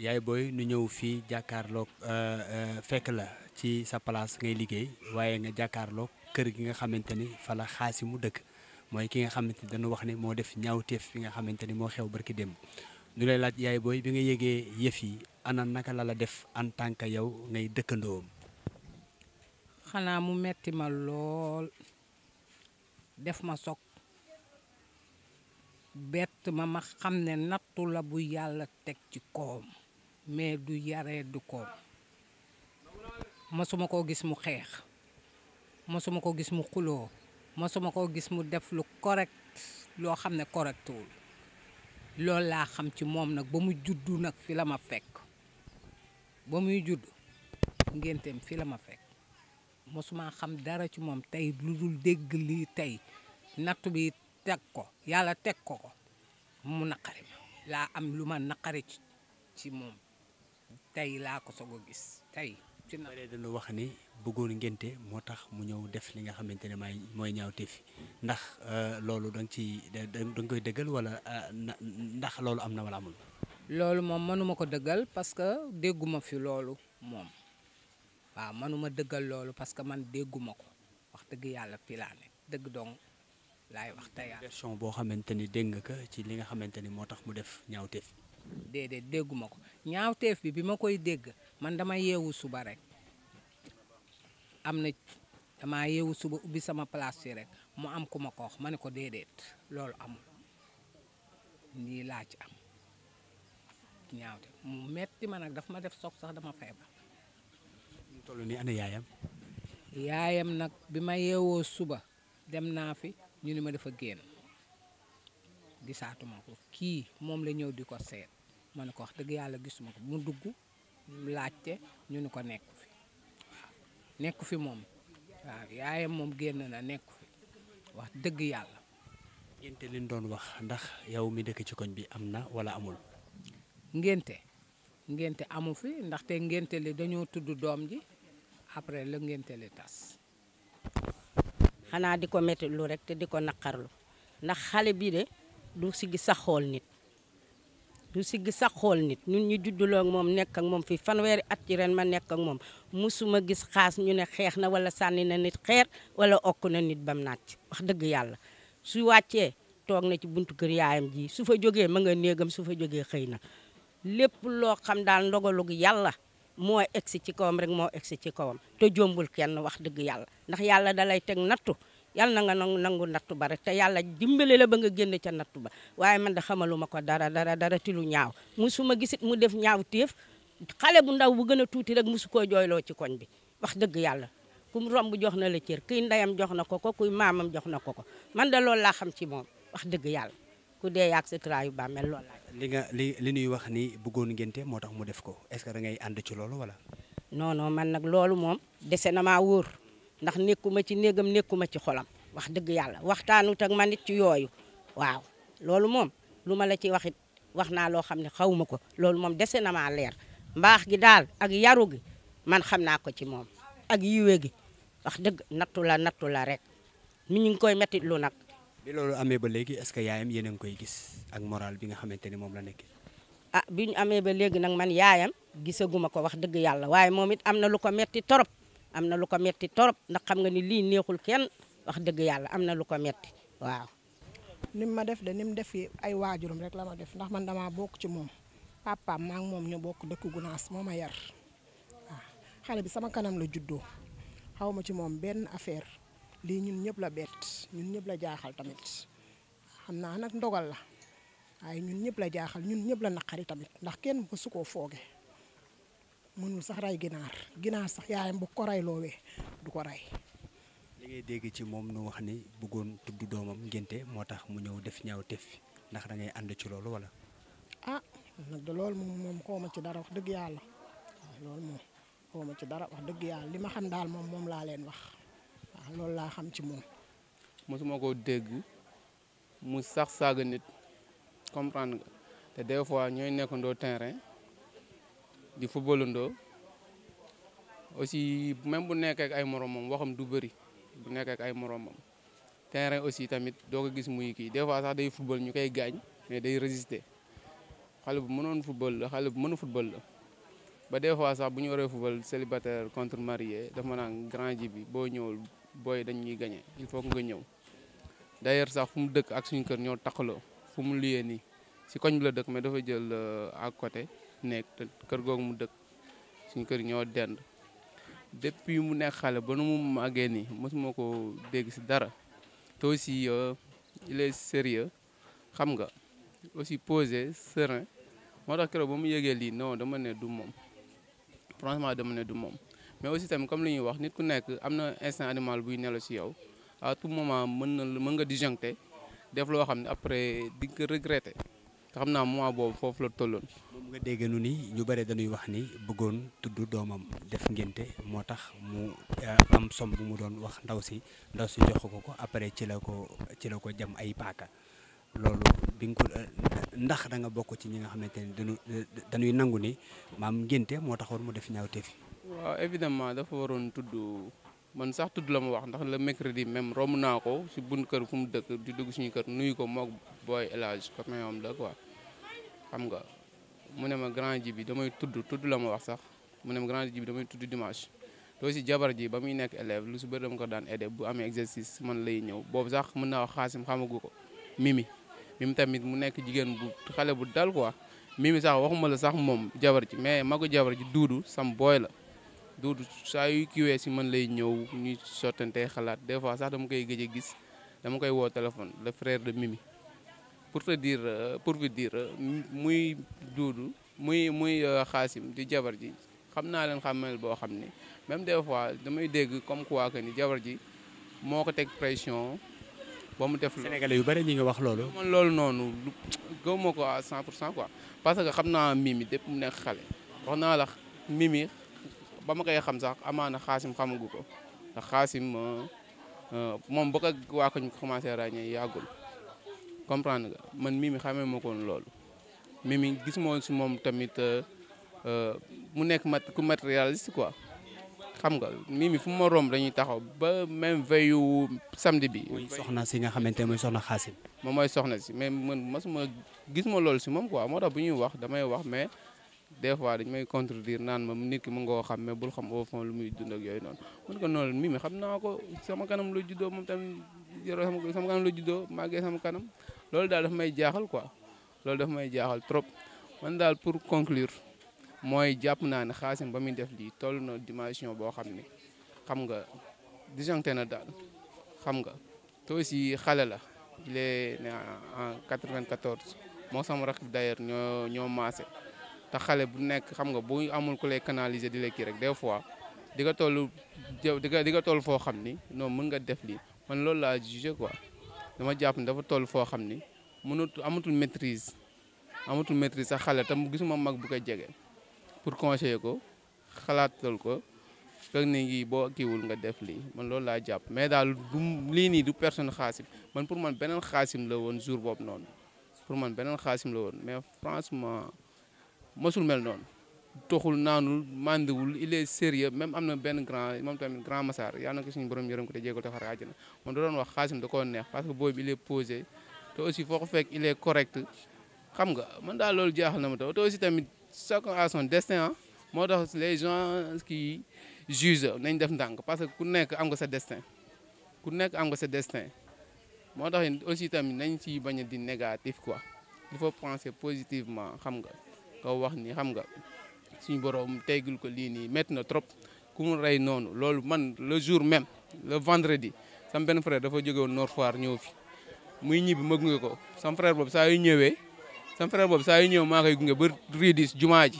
yaay booy nu ñëw fii jàkkaarloog euh, euh, fekk la ci sa place ngay liggéey waaye nga jàkkaarlook kër gi nga xamante ni fa la xaasi mu dëkk mooy ki nga xamante ni dañu wax ne moo def ñaawteef fi nga xamante ni moo xew barki dem ñu lay laaj yaay booy bi nga yëgee yëf yi ana naka la la def en tant que yow ngay dëkkandoom xanaa mu metti ma lool def ma soog bett ma ma xam ne nattu la bu yàlla teg ci koom mais du yaree du koom masuma koo gis mu xeex masuma koo gis mu xuloo masuma koo gis mu def lu correct loo xam ne correctul loolu laa xam ci moom nag ba mu juddu nag fi la ma fekk ba muy judd ngénteem fi la ma fekk mosuma xam dara ci moom tey lu dul dégg lii tey nattu bi teg ko yàlla teg ko ko mu naqari ma laa am lu ma naqari ci moom tey laa ko soog a gis tey. ci na dañu wax ni bëggoon ngénte moo tax mu ñëw def li nga xamante ne maay mooy ñaaw fi ndax euh, loolu da ci ciy koy dëggal wala euh, ndax loolu am na wala amul. loolu moom mënuma ko dëggal parce que dégguma fi loolu moom waaw mënuma dëggal loolu parce que man dégguma ko wax dëgg yàlla fii dëgg dong laay wax te yàlla. boo xamante ni dégg nga ko ci li nga xamante ni moo tax mu def ñaaw teefi. déedéet dégguma ko ñaawteef bi bi ma koy dégg man dama yeewu suba rek am na dama yeewu suba ubbi sama place fi rek mu am ku ma ko wax ma ne ko déedéet loolu amul nii laa ci am ñaawte mu metti ma nag daf ma def soog sax dama feebar. ñu toll nii ana yaayam. yaayam nag bi ma yeewoo suba dem naa fi ñu ni ma dafa génn gisaatuma ko kii moom la ñëw di ko seet. ma ne ko wax dëgg yàlla gisuma ko mu dugg mu laajte ñu nu ko nekku fi waaw nekku fi moom waaw yaayam moom génn na nekku fi wax dëgg yàlla ngénte liñ doon wax ndax yow mi dëkk ci koñ bi am na wala amul ngénte ngénte amu fi ndaxte ngénte li dañoo tudd doom ji après la ngénte li tas xanaa di ko metti lu rek te di ko naqarlu ndax xale bi de du si gis sa xool nit du sigg sax xool nit ñun ñu judduloo moom nekk moom fii fanweeri at ci ren ma nekk ak moom musuma gis xaas ñu ne xeex na wala sànni na nit xeer wala okk na nit bam naaj wax dëgg yàlla su wàccee toog na ci buntu kër yaayam ji su fa jógee ma nga néegam su fa jógee xëy na lépp loo xam daal ndogalug yàlla moo egsi ci kawam rek moo egsi ci kawam te jombul kenn wax dëgg yàlla ndax yàlla da lay teg nattu yàlla na nga nangu nattu rek te yàlla dimbale la ba nga génn ca nattu ba waaye man da xamaluma ko dara dara dara ti lu ñaaw musuma gisit mu def ñaaw téef xale bu ndaw bu gën a tuuti rek musu koo jooyloo ci koñ bi wax dëgg yàlla kum romb jox na la cër kuy ndeyam jox na ko ko kuy maamam jox na ko ko man da loolu laa xam ci moom wax dëgg yàlla ku dee yaag sa tra yu bàmmeel loolu laa li li li ñuy wax ni bëggoon ngénte moo tax mu def ko est-ce que da ngay ànd ci loolu wala non non man nag ndax nekkuma ci néegam nekkuma ci xolam wax dëgg yàlla waxtaanut ak man it ci yooyu waaw loolu moom lu ma la ci wax it wax naa loo xam ne xawuma ko loolu moom dese na maa leer mbaax gi daal ak yaru gi man xam naa ko ci moom ak yiwe gi wax dëgg nattu la nattu la rek mi ñu ngi koy metti lu nag. bi loolu amee ba léegi est que yaayam yéen a ngi koy gis ak moral bi nga xamante ni moom la nekk. Ah, bi ñu amee ba léegi nag man yaayam gisaguma ko wax dëgg yàlla waaye moom it am na lu ko metti torop am na lu ko metti torop ndax xam nga ni lii neexul kenn wax dëgg yàlla am na lu ko metti waaw. nim ma def de nim def ay waajuram rek la ma def ndax man damaa bokk ci moom papaam maa moom ñu bokk dëkk gunaas moo ma yar waaw xale bi sama kanam la juddoo xaw ma ci moom benn affaire lii ñun ñëpp la bett ñun ñëpp la jaaxal tamit xam naa nag ndogal la waaye ñun ñëpp la jaaxal ñun ñëpp la naqari tamit ndax kenn mësu koo foogee mënul sax rey ginaar ginaar sax yaayam bu ko rey loowee du ko rey. li ngay dégg ci moom nu wax ni bëggoon tudd doomam ngénte moo tax mu ñëw def ñaaw tef ndax da ngay ànd ci loolu wala. ah nag moom moom ma ci dara wax dëgg yàlla loolu ci dara wax dëgg yàlla li ma xam daal moom moom laa leen wax waaw loolu laa xam ci moom. mësuma koo dégg mu sax saaga nit comprendre te des fois ñooy nekkandoo terrain. di footballandoo aussi même bu nekkee ak ay moromam waxam du bëri bu nekkee ak ay moromam terrain aussi tamit doo ko gis muy kii des fois sax day football ñu koy gaañ mais day résister xale bu mënoon football la xale bu mën a football la. ba des fois sax bu ñu waree football célibataire contre marié dafa ma naan grand ji bi boo ñëwul booy dañ ñuy gagné il faut que nga ñëw d'ailleurs sax fu mu dëkk ak suñu kër ñoo taxaloo fu mu liyee nii si koñ bi la dëkk mais dafa jël ak euh, côté. néeg te kër googu mu dëkk suñu kër ñoo dend depuis mu nekk xale ba nu mu màggee nii mosuma ko dégg si dara te aussi euh, il est sérieux xam nga aussi posé serein moo tax keroog ba mu yëgee lii non dama ne du moom franchement dama ne du moom mais aussi tamit comme li ñuy wax nit ku nekk am na instant animal buy nelaw si yow à tout moment mën na mën nga disjoncté def loo xam ne après di nga ko te xam naa moment boobu foofu la tolloon. moom nga dégganu nu ni ñu bare dañuy wax ni bëggoon tudd doomam def ngénte moo tax mu eh, am som bu mu doon wax ndaw si ndaw si jox ko ko après ci la ko ci la ko jam ay paaka loolu bi ko eh, ndax da nga bokk ci ñi nga xamante ne dañu danuy nangu ni maam ngénte moo taxoon mu def ñaawteef yi. waaw évidemment dafa waroon tudd. man sax tudd la ma wax ndax le mercredi même romb naa ko si bunt kër fu mu dëkk di dugg suñu kër nuyu ko moog booy élage copain am la quoi xam nga mu ne ma grand ji bi damay tudd tudd la ma wax sax mu ne ma grand ji tudd dimanche te aussi jabar ji ba muy nekk élève lu su bëri dama ko daan aidé bu amee exercice man lay ñëw boobu sax mën naa wax xaasim xamagu ko mimi mimi tamit mu nekk jigéen bu xale bu dal quoi mimi sax waxuma la sax moom jabar ji mais magu jabar ji duudu sam booy la duudu saa yu kiwee si man lay ñëw ñuy sottante xalaat des fois sax dama koy gëj a gis dama koy woo téléphone le frère de mimi pour te dire euh, pour vous dire euh, muy duudu muy muy euh, xaasim di jabar ji xam naa leen xàmmel boo xam ni même des fois damay dégg comme quoi que ni jabar ji moo ko teg pression ba mu def. Sénégalais yu bari ñi nga wax loolu. man loolu noonu gëw ma ko à 100 pour cent quoi parce que xam naa mimi dépp mu nekk xale wax naa la mimi ba ma koy xam sax amaana xaasim xamagu ko ndax xaasim moom ba ko waa ko ñu commencé ràññee yàggul. comprendre nga man Mimi xamee ma ko woon loolu Mimi gis moon si moom tamit euh, euh, mu nekk mat ku matérialiste quoi xam nga Mimi fu ma romb dañuy taxaw ba même veille samedi bi. muy soxna si nga xamante ne mooy soxna Xaasim. moom mooy soxna si mais man masuma gis ma loolu si moom quoi moo tax bu ñuy wax damay wax mais des fois dañ may contredire naan ma nit ki mën xam mais bul xam au fond lu muy dund ak yooyu noonu. mën ko naa ko sama kanam la juddoo moom tamit yoroo sama kanam la juddoo màggee sama kanam. loolu daal dafa may jaaxal quoi loolu daf may jaaxal trop man daal pour conclure mooy jàpp naa ne Xaasim ba muy def lii toll na dimension boo xam ni xam nga disjoncté na daal xam nga te aussi xale la il est né en 94 moo sama rakk d'ailleurs ñoo ñoo maase te xale bu nekk xam nga bu amul ko lay canaliser di la rek des fois di nga toll di nga di nga toll foo xam ni non mën nga def lii man loolu laa jugé quoi. dama jàpp ni dafa toll foo xam ni mënut amatul maîtrise amatul maîtrise sax xale tam gisuma mag bu koy jege pour conseiller ko xalaat xalaatal ko fekk ni ngi boo kiiwul nga def lii man loolu laa jàpp mais daal du lii nii du personne xaasim man pour man beneen xaasim la woon jour boobu noonu pour man beneen xaasim la woon mais franchement masul mel noonu toxul naanul màndiwul il est sérieux même am na benn grand moom tamit grand Massar yàlla na ko suñu borom yërëm ko te jégal taxar àjjana moom da doon wax xaasim da posé te aussi foo ko fekk il est xam nga man daal loolu jaaxal na ma taw te aussi tamit chacun son destin ah. moo tax les gens qui jugent nañ def ndànk parce que ku nekk am nga sa destin ku nekk am nga sa destin moo tax aussi tamit nañ ci bañ a di négatif quoi il faut penser positivement xam nga nga wax ni xam nga suñu borom teygul ko lii nii métti na trop ku mu rey noonu loolu man le jour même le vendredi sam benn dafa jóge woon Nord Foire ñëw fi muy ñibbi ma gunge ko sam frère boobu saa yu ñëwee sam frère boobu saa yu ñëw maa koy gunge ba Ridis jumaa ji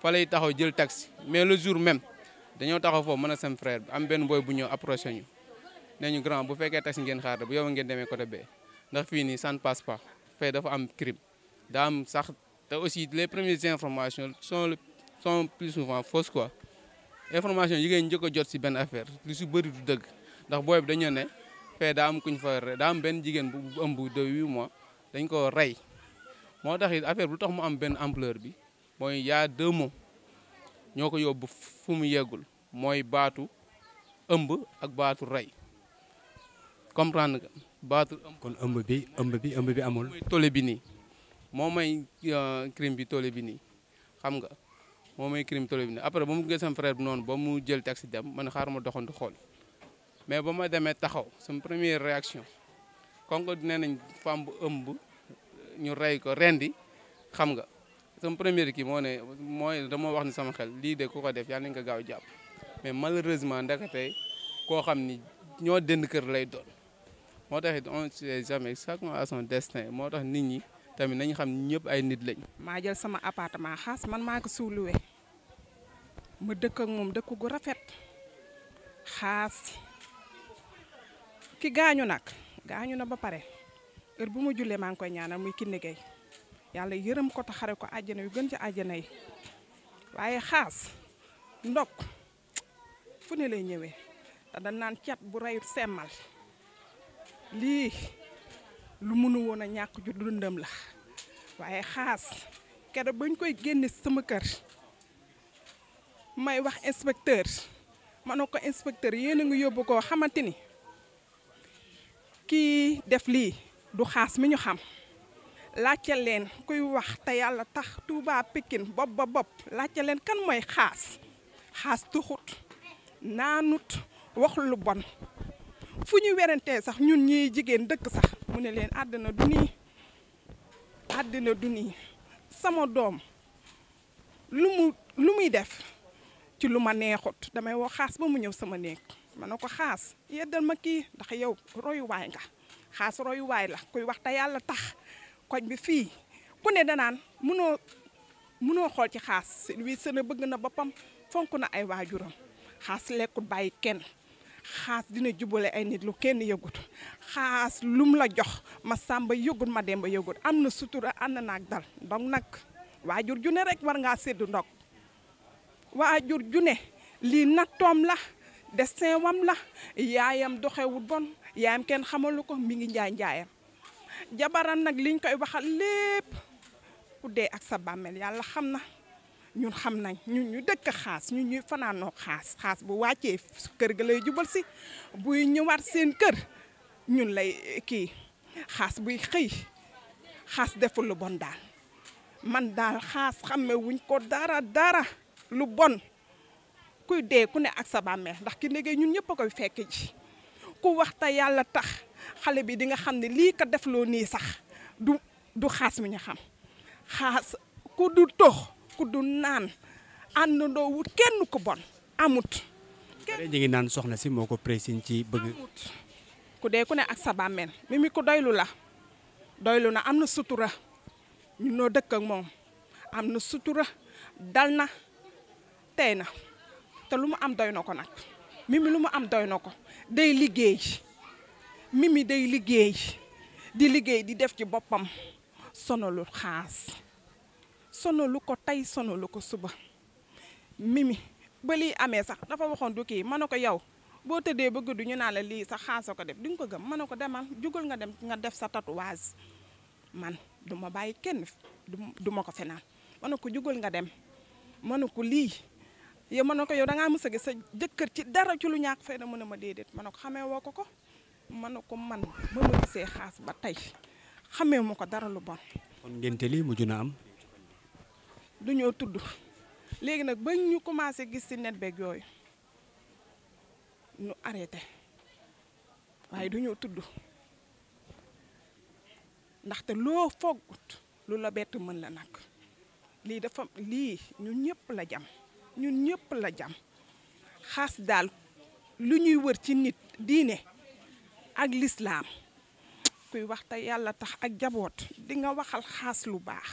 fa taxaw jël taxi mais le jour même dañoo taxaw foofu man a sam frère am benn bu ñëw approché ñu ne ñu grand bu fekkee taxi ngeen xaar bu yow ngeen demee côté bee ndax fii nii ça ne passe fee dafa am son plus souvent fausses quoi information yi ngeen njëkk a jot si benn affaire lu si bëri du dëgg ndax booy bi dañoo ne fee daa am kuñ fa benn jigéen bu ëmb de huit mois dañ ko rey moo tax it affaire bu tax mu am benn ampleur bi mooy yaa deux mots ñoo ko yóbbu fu mu yeggul mooy baatu ëmb ak baatu rey comprendre baatu ëmb. kon ëmb bi ëmb bi ëmb bi amul. mooy bi nii moo may euh, crime bi tolle bi nii xam nga. moo may crime bi après ba mu gisee frère bi noonu ba mu jël taxi dem man xaar ma doxantu xool mais ba ma demee taxaw sama première réaction kon ko nee nañ femme bu ëmb ñu rey ko rendi xam nga sama première kii moo ne mooy dama wax ni sama xel lii de ko ko def yàlla nañ ko gaaw jàpp mais malheureusement tey koo xam ni ñoo dend kër lay doon moo tax it on sait jamais chacun a son destin moo tax nit ñi tamit nañu xam ñëpp ay nit lañ. maa jël sama appartement xaas man maa ko suuluwee ma dëkk ak moom dëkk gu rafet xaas ki gaañu nag gaañu na ba pare heure bu ma jullee maa ngi koy ñaanal muy Kiné yàlla yërëm ko te xare ko àjjana yu gën ci àjjana yi waaye xaas ndog fu ne lay ñëwee te dañ naan cat bu reyut semmal lii lu mënu woon a ñàkk ju dundam la waaye xaas keroog bañ koy génne sama kër may wax inspecteur ma ko inspecteur yéen a ngi yóbbu koo xamante ni kii def lii du xaas mi ñu xam laajte leen kuy wax te yàlla tax Touba Pikine bopp ba bopp laajte leen kan mooy xaas xaas tuxut naanut wax lu bon fu ñu werantee sax ñun ñiy jigéen dëkk sax mu ne leen àddina du àddina du sama doom lu mu lu muy def ci lu ma neexut damay woo xaas ba mu ñëw sama néeg man ne ko xaas yeddal ma kii ndax yow royuwaay nga xaas royuwaay la kuy wax te yàlla tax koñ bi fii ku ne danaan mënoo mënoo xool ci xaas wii sëna bëgg na boppam fonk na ay waajuram xaas lekkut bàyyi kenn xaas dina jubale ay nit lu kenn yëgut xaas lum la jox ma sàmba yëgut ma demba yëgut am na sutura ànd naag dal donc nag waajur ju ne rek war ngaa séddu ndog waajur ju ne lii nattoom la destin wam la yaayam doxewul bon yaayam kenn xamalu ko mi ngi njaay njaayam jabaram nag liñ koy waxal lépp ku dee ak sa bàmmeel yàlla xam na ñun xam nañ ñun ñu dëkk xaas ñu ñuy fanaanoo xaas xaas bu wàccee kër ga lay jubal si buy ñëwaat seen kër ñun lay kii xaas buy xëy xaas deful bon daal man daal xaas xamme wuñ ko dara dara lu bon kuy dee ku ne ak sa bàmmeel ndax ki ndegee ñun ñëpp a koy fekk ji ku waxta yàlla tax xale bi di nga xam ne lii ko def loo nii sax du xaas mi ñu xam xaas ku du tox ku du naan àndandoo wut kenn ku bon amut. kenn naan soxna si moo ko présin ci ku dee ku ne ak sa bàmmeel mi mi ko doylu la doylu na am na sutura ñu noo dëkk ak moom am na sutura dal na. tey na te lu mu am doy na ko nag mimi lu mu am doy na ko day liggéey mimi day liggéey di liggéey di def ci boppam sonalu xaas sonalu ko tey sonalu ko suba mimi ba lii amee sax dafa waxoon du kii ma ne ko yow boo tëddee ba guddi ñu naan la lii sax xaasa ko def di ko gëm mën a ko demal jugal nga dem nga def sa tatouage man duma bàyyi kenn du ma ko fenaan ma ne ko jugal nga dem mën ne ko lii yow ma ne ko yow da ngaa mës a gis sa jëkkër ci dara ci lu ñàkk fay na mën a ma déedéet ma ne ko xamee woo ko ko ma ne ko man ba ma gisee xaas ba tey xamee ma ko dara lu bon. kon ngénte lii mujj na am. du ñoo tudd léegi nag ba ñu commencé gis ci net beeg yooyu ñu arrêté waaye du ñoo tudd ndaxte loo foogut lu la bett mën la nag lii dafa lii ñun ñëpp la jam. ñun ñëpp la jam xas daal lu ñuy wër ci nit diine ak lislaam kuy wax te yàlla tax ak jaboot di nga waxal xaas lu baax